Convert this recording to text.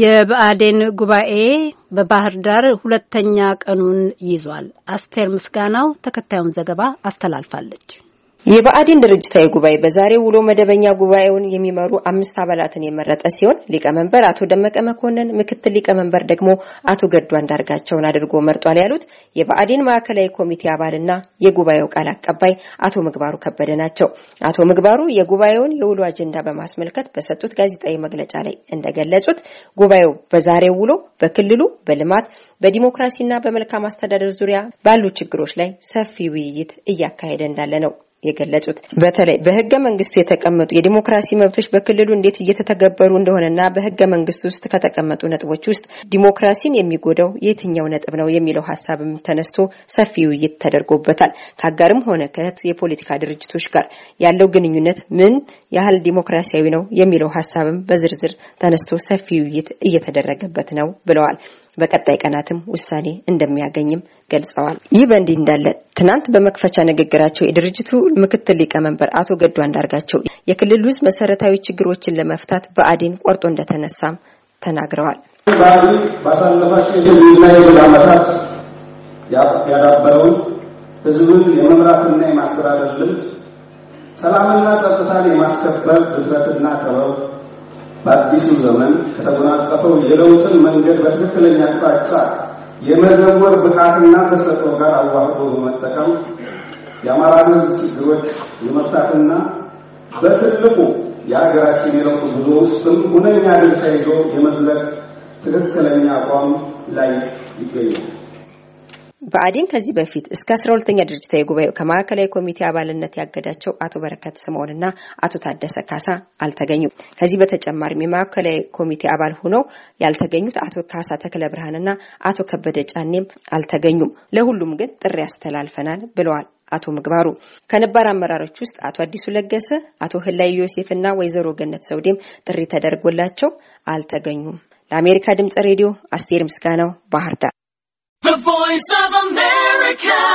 የብአዴን ጉባኤ በባህር ዳር ሁለተኛ ቀኑን ይዟል። አስቴር ምስጋናው ተከታዩን ዘገባ አስተላልፋለች። የብአዴን ድርጅታዊ ጉባኤ በዛሬው ውሎ መደበኛ ጉባኤውን የሚመሩ አምስት አባላትን የመረጠ ሲሆን ሊቀመንበር አቶ ደመቀ መኮንን፣ ምክትል ሊቀመንበር ደግሞ አቶ ገዱ አንዳርጋቸውን አድርጎ መርጧል ያሉት የብአዴን ማዕከላዊ ኮሚቴ አባልና የጉባኤው ቃል አቀባይ አቶ ምግባሩ ከበደ ናቸው። አቶ ምግባሩ የጉባኤውን የውሎ አጀንዳ በማስመልከት በሰጡት ጋዜጣዊ መግለጫ ላይ እንደገለጹት ጉባኤው በዛሬው ውሎ በክልሉ በልማት በዲሞክራሲና በመልካም አስተዳደር ዙሪያ ባሉ ችግሮች ላይ ሰፊ ውይይት እያካሄደ እንዳለ ነው የገለጹት በተለይ በህገ መንግስቱ የተቀመጡ የዲሞክራሲ መብቶች በክልሉ እንዴት እየተተገበሩ እንደሆነና በህገ መንግስቱ ውስጥ ከተቀመጡ ነጥቦች ውስጥ ዲሞክራሲን የሚጎዳው የትኛው ነጥብ ነው የሚለው ሀሳብም ተነስቶ ሰፊ ውይይት ተደርጎበታል። ከአጋርም ሆነ ከህት የፖለቲካ ድርጅቶች ጋር ያለው ግንኙነት ምን ያህል ዲሞክራሲያዊ ነው የሚለው ሀሳብም በዝርዝር ተነስቶ ሰፊ ውይይት እየተደረገበት ነው ብለዋል። በቀጣይ ቀናትም ውሳኔ እንደሚያገኝም ገልጸዋል። ይህ በእንዲህ እንዳለ ትናንት በመክፈቻ ንግግራቸው የድርጅቱ ምክትል ሊቀመንበር አቶ ገዱ አንዳርጋቸው የክልል ውስጥ መሰረታዊ ችግሮችን ለመፍታት በአዴን ቆርጦ እንደተነሳም ተናግረዋል። ያዳበረውን ህዝብን የመምራትና የማስተዳደር ልምድ ሰላምና ጸጥታን የማስከበር ድፍረትና ጥበብ በአዲሱ ዘመን ከተጎናጸፈው የለውጥን መንገድ በትክክለኛ አቅጣጫ የመዘወር ብቃትና ተሰጥኦ ጋር አዋህዶ በመጠቀም የአማራ ሕዝብ ችግሮች የመፍታትና በትልቁ የሀገራችን የለውጥ ጉዞ ውስጥም ሁነኛ ድርሻ ይዞ የመዝለቅ ትክክለኛ አቋም ላይ ይገኛል። በአዴን ከዚህ በፊት እስከ አስራ ሁለተኛ ድርጅታዊ ጉባኤ ከማዕከላዊ ኮሚቴ አባልነት ያገዳቸው አቶ በረከት ስምኦንና አቶ ታደሰ ካሳ አልተገኙም። ከዚህ በተጨማሪም የማዕከላዊ ኮሚቴ አባል ሆነው ያልተገኙት አቶ ካሳ ተክለ ብርሃንና አቶ ከበደ ጫኔም አልተገኙም። ለሁሉም ግን ጥሪ ያስተላልፈናል ብለዋል። አቶ ምግባሩ ከነባር አመራሮች ውስጥ አቶ አዲሱ ለገሰ፣ አቶ ህላይ ዮሴፍና ወይዘሮ ገነት ዘውዴም ጥሪ ተደርጎላቸው አልተገኙም። ለአሜሪካ ድምጽ ሬዲዮ አስቴር ምስጋናው ባህር ዳር Voice of America